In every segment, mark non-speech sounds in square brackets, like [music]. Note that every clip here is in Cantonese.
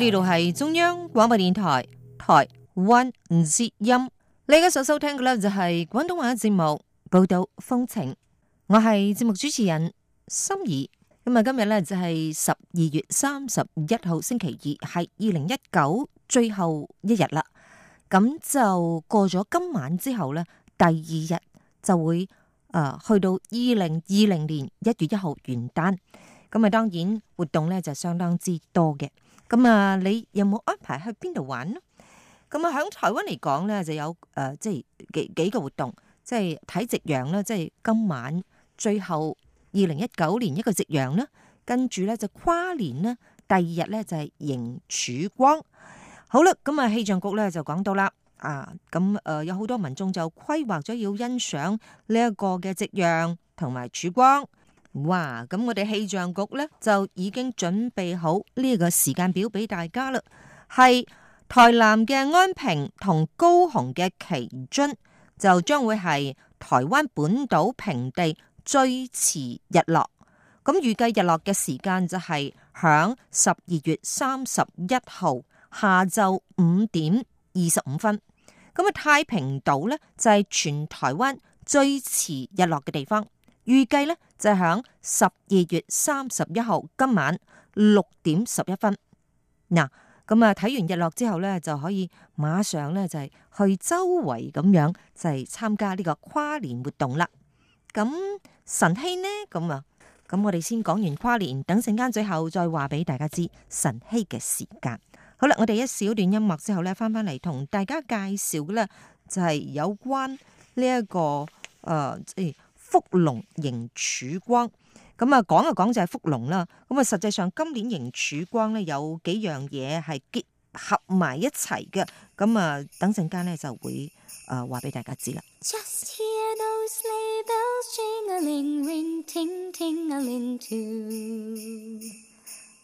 呢度係中央廣播電台台灣之音，one, three, one. 你而家所收聽嘅咧就係廣東話節目報道風情，我係節目主持人心儀。咁啊，今日咧就係十二月三十一號星期二，係二零一九最後一日啦。咁就過咗今晚之後咧，第二日就會誒、呃、去到二零二零年一月一號元旦。咁啊，當然活動咧就相當之多嘅。咁啊，你有冇安排去邊度玩咯？咁啊，喺台灣嚟講咧，就有誒、呃，即係幾幾個活動，即係睇夕陽啦，即係今晚最後二零一九年一個夕陽啦，跟住咧就跨年咧，第二日咧就係、是、迎曙光。好啦，咁啊，氣象局咧就講到啦，啊，咁誒、呃、有好多民眾就規劃咗要欣賞呢一個嘅夕陽同埋曙光。哇！咁我哋氣象局咧就已經準備好呢個時間表俾大家啦。係台南嘅安平同高雄嘅旗津就將會係台灣本島平地最遲日落。咁預計日落嘅時間就係響十二月三十一號下晝五點二十五分。咁啊，太平島咧就係、是、全台灣最遲日落嘅地方。預計咧就係響十二月三十一號今晚六點十一分嗱，咁啊睇完日落之後咧就可以馬上咧就係去周圍咁樣就係參加呢個跨年活動啦。咁晨曦呢咁啊，咁我哋先講完跨年，等陣間最後再話俾大家知晨曦嘅時間。好啦，我哋一小段音樂之後咧，翻翻嚟同大家介紹嘅咧就係有關呢一個誒即係。福隆迎曙光，咁啊講就講就係福隆啦。咁啊實際上今年迎曙光咧有幾樣嘢係結合埋一齊嘅。咁啊等陣間咧就會誒話俾大家知啦。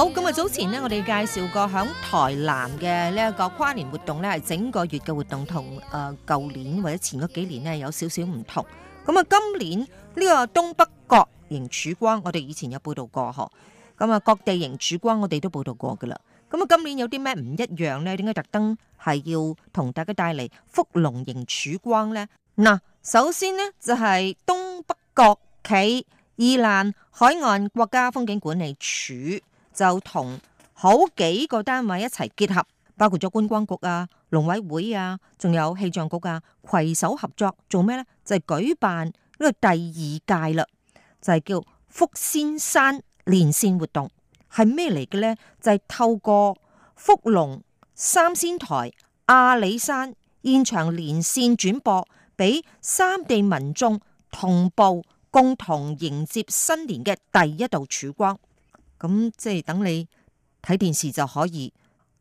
好咁啊！早前咧，我哋介紹過響台南嘅呢一個跨年活動咧，係整個月嘅活動，同誒舊年或者前嗰幾年咧有少少唔同。咁啊，今年呢、這個東北角迎曙光，我哋以前有報道過嗬。咁啊，各地迎曙光我哋都報道過噶啦。咁啊，今年有啲咩唔一樣咧？點解特登係要同大家帶嚟福隆迎曙光咧？嗱，首先呢，就係、是、東北角暨宜蘭海岸國家風景管理處。就同好幾個單位一齊結合，包括咗觀光局啊、農委會啊，仲有氣象局啊，攜手合作做咩咧？就係舉辦呢個第二屆啦，就係叫福仙山連線活動，係咩嚟嘅咧？就係透過福隆三仙台、阿里山現場連線轉播，俾三地民眾同步共同迎接新年嘅第一道曙光。咁即係等你睇電視就可以，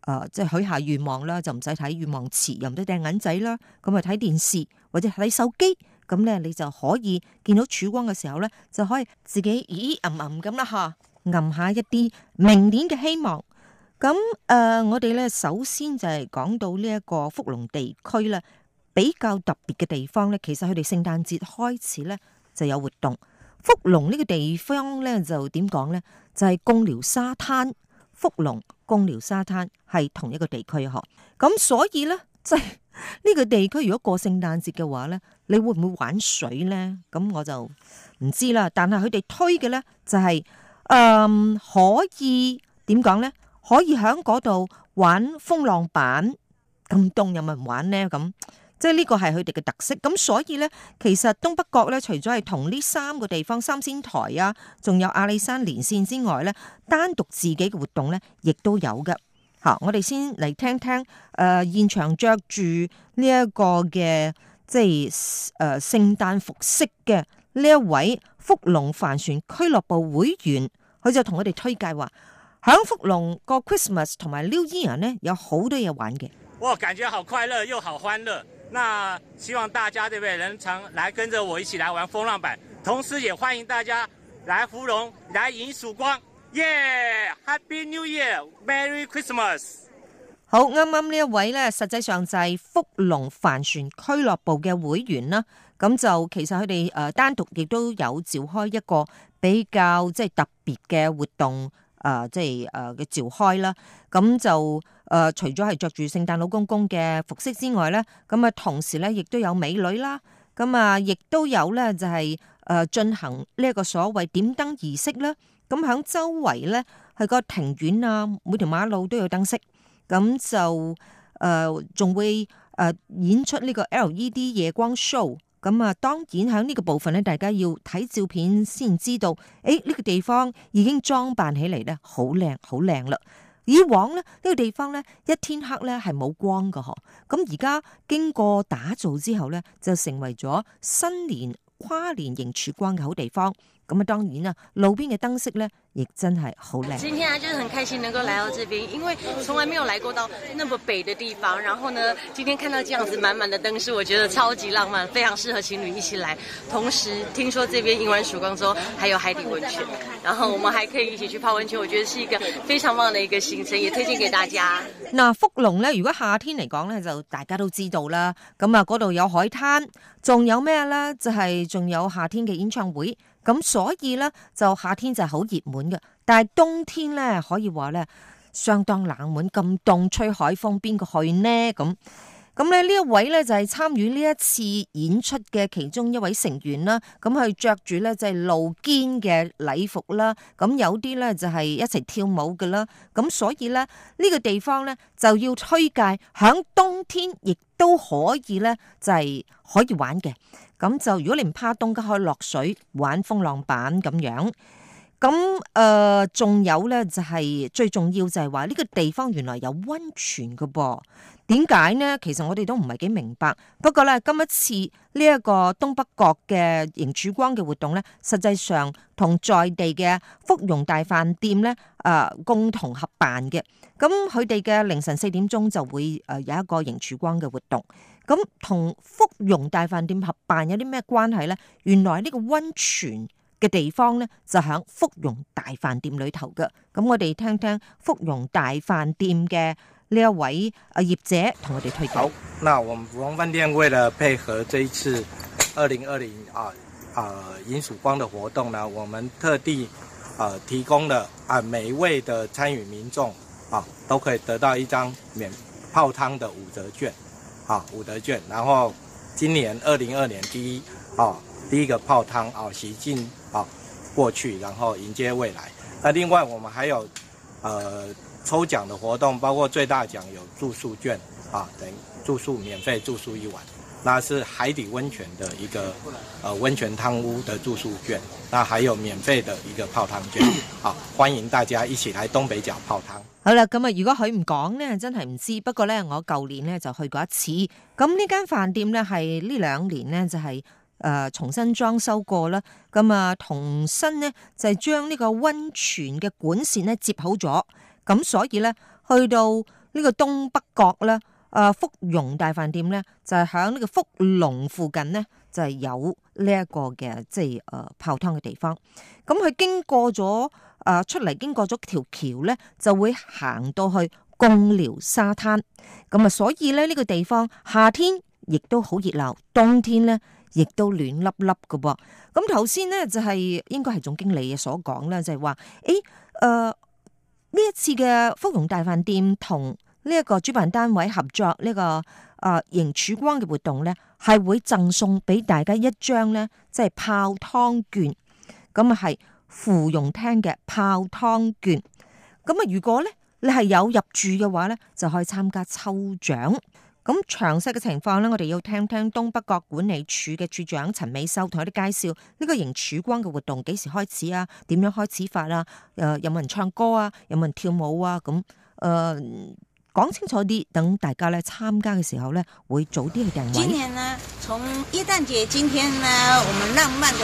誒，即係許下願望啦，就唔使睇願望池，又唔使掟銀仔啦。咁啊，睇電視或者睇手機，咁咧你就可以見到曙光嘅時候咧，就可以自己咦吟吟咁啦吓，吟下一啲明年嘅希望。咁誒、呃，我哋咧首先就係講到呢一個福隆地區啦，比較特別嘅地方咧，其實佢哋聖誕節開始咧就有活動。福隆呢個地方咧就點講咧，就係、就是、貢寮沙灘，福隆貢寮沙灘係同一個地區嗬，咁所以咧即係呢、是、個地區如果過聖誕節嘅話咧，你會唔會玩水咧？咁我就唔知啦。但係佢哋推嘅咧就係、是，誒、呃，可以點講咧？可以響嗰度玩風浪板，咁凍又咪唔玩咧咁。即係呢個係佢哋嘅特色，咁所以咧，其實東北角咧，除咗係同呢三個地方三仙台啊，仲有阿里山連線之外咧，單獨自己嘅活動咧，亦都有噶吓。我哋先嚟聽聽誒、呃，現場着住呢一個嘅即係誒聖誕服飾嘅呢一位福隆帆船俱樂部會員，佢就同我哋推介話，響福隆個 Christmas 同埋 New Year 呢，有好多嘢玩嘅。哇！感覺好快樂，又好歡樂。那希望大家對不對？能常來跟着我一起來玩風浪板，同時也歡迎大家來福隆，來迎曙光。耶、yeah! Happy New Year，Merry Christmas。好，啱啱呢一位咧，實際上就係福隆帆船俱樂部嘅會員啦。咁就其實佢哋誒單獨亦都有召開一個比較即係特別嘅活動，誒即係誒嘅召開啦。咁就。誒、呃，除咗係着住聖誕老公公嘅服飾之外咧，咁、嗯、啊，同時咧亦都有美女啦，咁、嗯、啊，亦都有咧就係誒進行呢一個所謂點燈儀式啦。咁、嗯、響周圍咧係個庭院啊，每條馬路都有燈飾，咁、嗯、就誒仲、呃、會誒演出呢個 LED 夜光 show。咁、嗯、啊、嗯，當然響呢個部分咧，大家要睇照片先知道，誒、欸、呢、這個地方已經裝扮起嚟咧，好靚好靚啦。以往咧，呢個地方咧一天黑咧係冇光噶嗬，咁而家經過打造之後咧就成為咗新年跨年迎曙光嘅好地方。咁啊，當然啦，路邊嘅燈飾呢亦真係好靚。今天啊，就是很開心能夠來到這邊，因為從來沒有來過到那麼北的地方。然後呢，今天看到這樣子滿滿的燈飾，我覺得超級浪漫，非常適合情侶一起來。同時，聽說這邊迎完曙光之後，還有海底温泉，然後我們還可以一起去泡温泉，我覺得是一個非常棒的一個行程，也推薦給大家。那福隆呢？如果夏天嚟講呢，就大家都知道啦。咁啊，嗰度有海灘，仲有咩呢？就係、是、仲有夏天嘅演唱會。咁所以咧就夏天就係好熱門嘅，但係冬天咧可以話咧相當冷門，咁凍吹海風，邊個去呢？咁。咁咧呢一位咧就係參與呢一次演出嘅其中一位成員啦，咁佢着住咧就係露肩嘅禮服啦，咁有啲咧就係一齊跳舞嘅啦，咁所以咧呢個地方咧就要推介響冬天亦都可以咧就係可以玩嘅，咁就如果你唔怕凍，咁可以落水玩風浪板咁樣。咁誒，仲、嗯、有咧、就是，就係最重要就係話呢個地方原來有溫泉嘅噃？點解咧？其實我哋都唔係幾明白。不過咧，今一次呢一個東北角嘅迎曙光嘅活動咧，實際上同在地嘅福容大飯店咧誒共同合辦嘅。咁佢哋嘅凌晨四點鐘就會誒有一個迎曙光嘅活動。咁同福容大飯店合辦有啲咩關係咧？原來呢個溫泉嘅地方呢，就響福容大飯店裏頭嘅，咁我哋聽聽福容大飯店嘅呢一位啊業者，同我哋推介。好，那我們福容飯店為了配合這一次二零二零啊啊迎曙光的活動呢，我們特地啊提供了啊每一位的參與民眾啊都可以得到一張免泡湯的五折券，啊五折券。然後今年二零二年第一啊第一個泡湯啊，習近。過去，然後迎接未來。那另外我們還有，呃，抽獎的活動，包括最大獎有住宿券啊，等住宿免費住宿一晚，那是海底温泉的一個，呃，温泉湯屋的住宿券。那還有免費的一個泡湯券，好，歡迎大家一起來東北角泡湯。好啦，咁啊，如果佢唔講呢，真係唔知。不過呢，我舊年呢就去過一次。咁呢間飯店呢，係呢兩年呢就係、是。誒，重新裝修過啦，咁啊，重新咧就係將呢個溫泉嘅管線咧接好咗，咁所以咧去到呢個東北角咧，啊，福容大飯店咧就係喺呢個福隆附近咧就係、是、有呢、這、一個嘅即係誒泡湯嘅地方，咁、嗯、佢經過咗啊、呃、出嚟經過咗條橋咧就會行到去公寮沙灘，咁啊，所以咧呢、這個地方夏天亦都好熱鬧，冬天咧，亦都暖粒粒嘅噃，咁頭先咧就係、是、應該係總經理所講啦，就係、是、話誒，誒、呃、呢一次嘅福容大飯店同呢一個主辦單位合作呢、這個誒迎曙光嘅活動咧，係會贈送俾大家一張咧，即、就、係、是、泡湯券，咁啊係芙蓉廳嘅泡湯券，咁啊如果咧你係有入住嘅話咧，就可以參加抽獎。咁詳細嘅情況呢，我哋要聽聽東北角管理處嘅處長陳美秀同我哋介紹。呢個迎曙光嘅活動幾時開始啊？點樣開始法啊？誒、呃，有冇人唱歌啊？有冇人跳舞啊？咁誒，講、呃、清楚啲，等大家咧參加嘅時候呢，會早啲去訂位。今年呢，從元旦節今天呢，我們浪漫嘅台2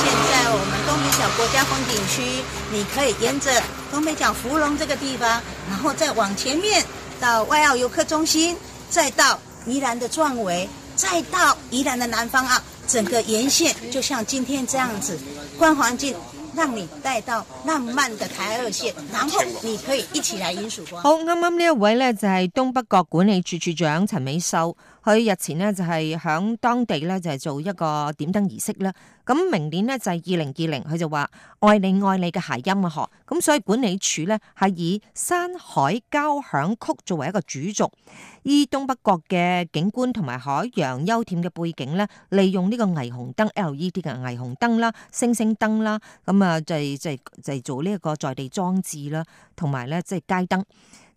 線，現在我們東北角國家風景區，你可以沿着東北角福隆這個地方，然後再往前面到外澳遊客中心。再到宜蘭嘅壯圍，再到宜蘭嘅南方澳，整個沿線就像今天這樣子，光環境，讓你帶到浪漫的台二線，然後你可以一起來迎曙光。好啱啱呢一位呢，就係、是、東北角管理處處長陳美秀，佢日前呢，就係、是、響當地呢，就係、是、做一個點燈儀式啦。咁明年呢，就係二零二零，佢就話愛你愛你嘅諧音啊，嗬，咁所以管理處呢，係以山海交響曲作為一個主軸。依東北角嘅景觀同埋海洋遊憩嘅背景咧，利用呢個霓虹燈 LED 嘅霓虹燈啦、星星燈啦，咁啊，就就就做呢一個在地裝置啦，同埋咧即係街燈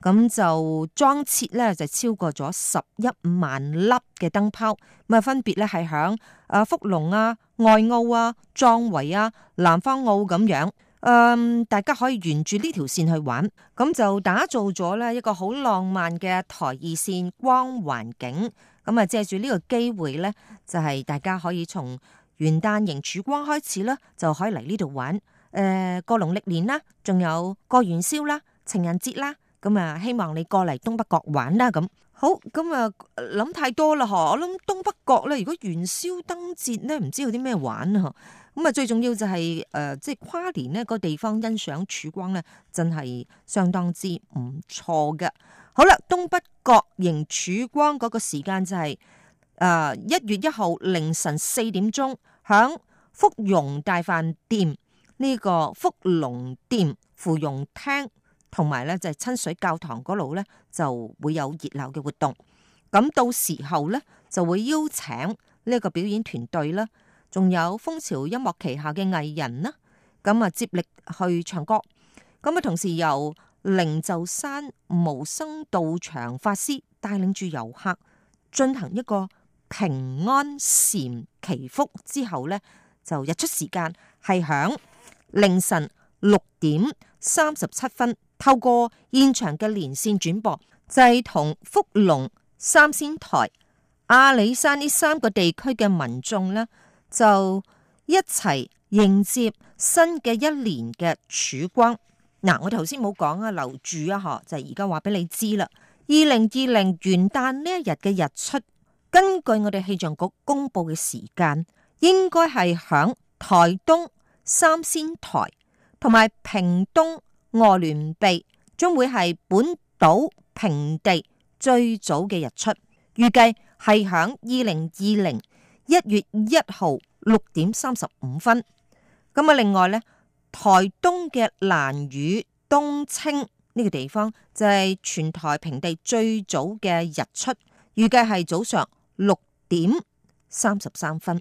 咁就裝設咧就超過咗十一萬粒嘅燈泡，咁啊分別咧係響啊福隆啊、外澳啊、壯圍啊、南方澳咁樣。嗯，um, 大家可以沿住呢條線去玩，咁就打造咗咧一個好浪漫嘅台二線光環境。咁啊，借住呢個機會咧，就係、是、大家可以從元旦迎曙光開始啦，就可以嚟呢度玩。誒、呃，過農曆年啦，仲有過元宵啦，情人節啦。咁啊，希望你過嚟東北角玩啦。咁好，咁啊諗太多啦嗬。我諗東北角咧，如果元宵燈節咧，唔知有啲咩玩啊？咁啊，最重要就係、是、誒，即、呃、係、就是、跨年咧個地方欣賞曙光咧，真係相當之唔錯嘅。好啦，東北角迎曙光嗰個時間就係誒一月一號凌晨四點鐘，響福隆大飯店呢、這個福隆店芙蓉廳同埋咧就係、是、親水教堂嗰度咧就會有熱鬧嘅活動。咁到時候咧就會邀請呢一個表演團隊啦。仲有風潮音樂旗下嘅藝人呢，咁啊接力去唱歌。咁啊，同時由靈鷲山無生道場法師帶領住遊客進行一個平安禪祈福之後咧，就日出時間係響凌晨六點三十七分，透過現場嘅連線轉播，就係同福隆、三仙台、阿里山呢三個地區嘅民眾咧。就一齊迎接新嘅一年嘅曙光。嗱，啊，我哋頭先冇講啊，留住啊，嗬，就而家話俾你知啦。二零二零元旦呢一日嘅日出，根據我哋氣象局公布嘅時間，應該係響台東三仙台同埋屏東鵝鑾鼻，將會係本島平地最早嘅日出，預計係響二零二零。一月一號六點三十五分，咁啊，另外咧，台東嘅蘭嶼東清呢個地方就係、是、全台平地最早嘅日出，預計係早上六點三十三分。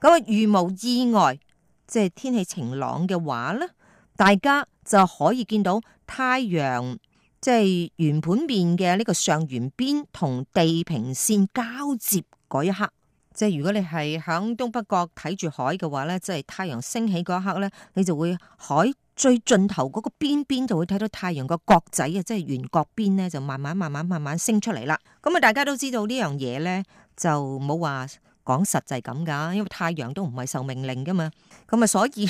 咁啊，如無意外，即、就、係、是、天氣晴朗嘅話咧，大家就可以見到太陽即係圓盤面嘅呢個上緣邊同地平線交接嗰一刻。即係如果你係響東北角睇住海嘅話咧，即係太陽升起嗰一刻咧，你就會海最盡頭嗰個邊邊就會睇到太陽個角仔啊！即係圓角邊咧，就慢慢慢慢慢慢升出嚟啦。咁、嗯、啊，大家都知道呢樣嘢咧，就冇話講實際咁噶，因為太陽都唔係受命令噶嘛。咁、嗯、啊，所以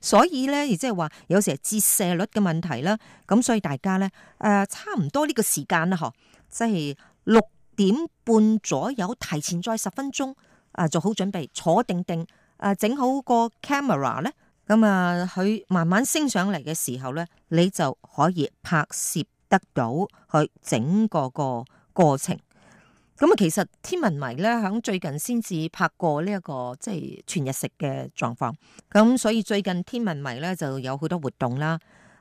[laughs] 所以咧，亦即係話，有時係折射率嘅問題啦。咁、嗯、所以大家咧，誒、呃，差唔多呢個時間啦，嗬，即係六。點半左右，提前再十分鐘啊，做好準備，坐定定啊，整好個 camera 咧。咁啊，佢慢慢升上嚟嘅時候咧，你就可以拍攝得到佢整個個過程。咁啊，其實天文迷咧，響最近先至拍過呢、這、一個即係、就是、全日食嘅狀況。咁、啊、所以最近天文迷咧就有好多活動啦。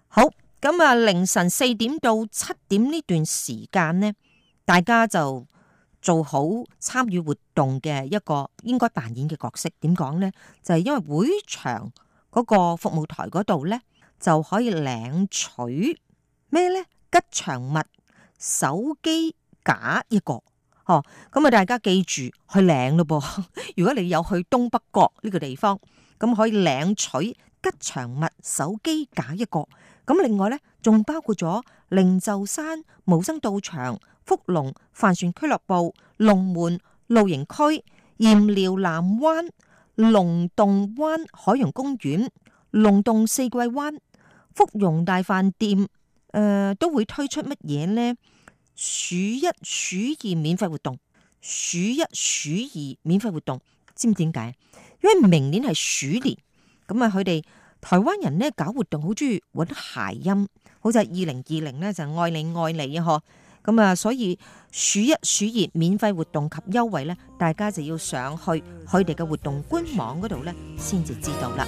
好，咁啊，凌晨四點到七點呢段時間咧，大家就。做好參與活動嘅一個應該扮演嘅角色，點講咧？就係、是、因為會場嗰個服務台嗰度咧，就可以領取咩咧？吉祥物手機架一個，哦，咁、嗯、啊大家記住去領咯噃。如果你有去東北角呢個地方，咁、嗯、可以領取。吉祥物手機架一個，咁另外咧仲包括咗靈鷲山、無生道場、福隆帆船俱樂部、龍門露營區、鹽寮南灣、龍洞灣海洋公園、龍洞四季灣、福容大飯店，誒、呃、都會推出乜嘢咧？鼠一鼠二免費活動，鼠一鼠二免費活動，知唔知點解？因為明年係鼠年。咁啊，佢哋台灣人咧搞活動好中意揾諧音，好似係二零二零咧就愛你愛你啊嗬！咁啊，所以數一數二免費活動及優惠咧，大家就要上去佢哋嘅活動官網嗰度咧，先至知道啦。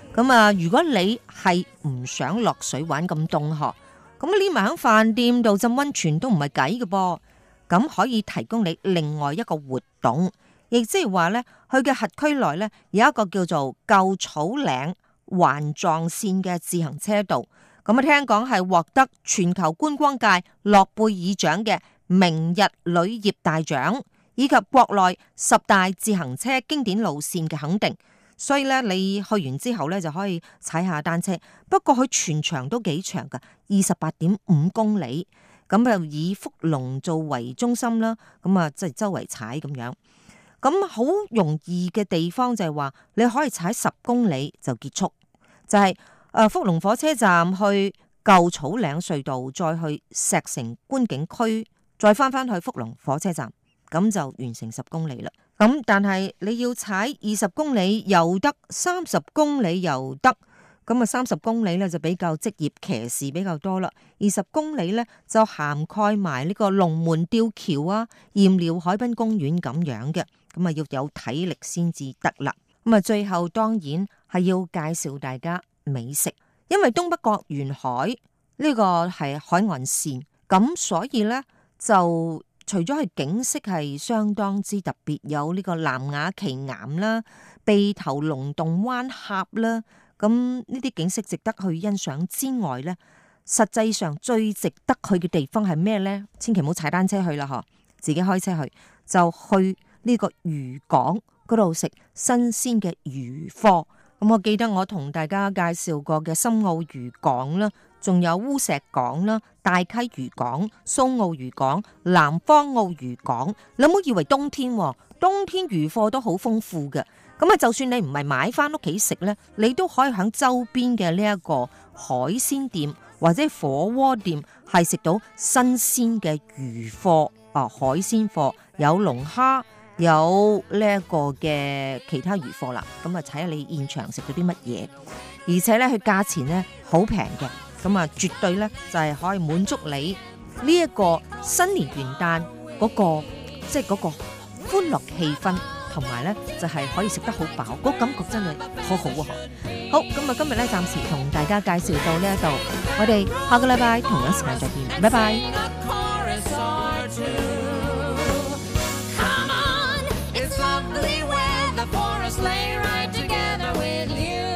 咁啊！如果你係唔想落水玩咁凍呵，咁匿埋喺飯店度浸温泉都唔係計嘅噃。咁可以提供你另外一個活動，亦即係話咧，佢嘅轄區內咧有一個叫做舊草嶺環狀線嘅自行車道。咁啊，聽講係獲得全球觀光界諾貝爾獎嘅明日旅業大獎，以及國內十大自行車經典路線嘅肯定。所以咧，你去完之後咧，就可以踩下單車。不過佢全長都幾長噶，二十八點五公里。咁就以福隆做為中心啦。咁啊，即係周圍踩咁樣。咁好容易嘅地方就係話，你可以踩十公里就結束。就係、是、誒福隆火車站去舊草嶺隧道，再去石城觀景區，再翻翻去福隆火車站，咁就完成十公里啦。咁但係你要踩二十公里又得，三十公里又得，咁啊三十公里咧就比較職業騎士比較多啦，二十公里咧就涵蓋埋呢個龍門吊橋啊、鹽寮海濱公園咁樣嘅，咁啊要有體力先至得啦。咁啊最後當然係要介紹大家美食，因為東北角沿海呢個係海岸線，咁所以咧就。除咗係景色係相當之特別，有呢個南雅奇岩啦、鼻頭龍洞灣峽啦，咁呢啲景色值得去欣賞之外咧，實際上最值得去嘅地方係咩咧？千祈唔好踩單車去啦，嗬，自己開車去就去呢個漁港嗰度食新鮮嘅漁貨。咁我記得我同大家介紹過嘅深澳漁港啦。仲有烏石港啦、大溪漁港、蘇澳漁港、南方澳漁港。你唔好以為冬天，冬天漁貨都好豐富嘅。咁啊，就算你唔係買翻屋企食呢，你都可以喺周邊嘅呢一個海鮮店或者火鍋店係食到新鮮嘅漁貨啊，海鮮貨有龍蝦，有呢一個嘅其他漁貨啦。咁啊，睇下你現場食咗啲乜嘢，而且呢，佢價錢呢好平嘅。咁啊，絕對咧就係、是、可以滿足你呢一、這個新年元旦嗰、那個即係嗰個歡樂氣氛，同埋咧就係、是、可以食得好飽，嗰、那個、感覺真係好好、啊、喎！好，咁啊今日咧暫時同大家介紹到呢一度，我哋下個禮拜同一時間再見，拜拜。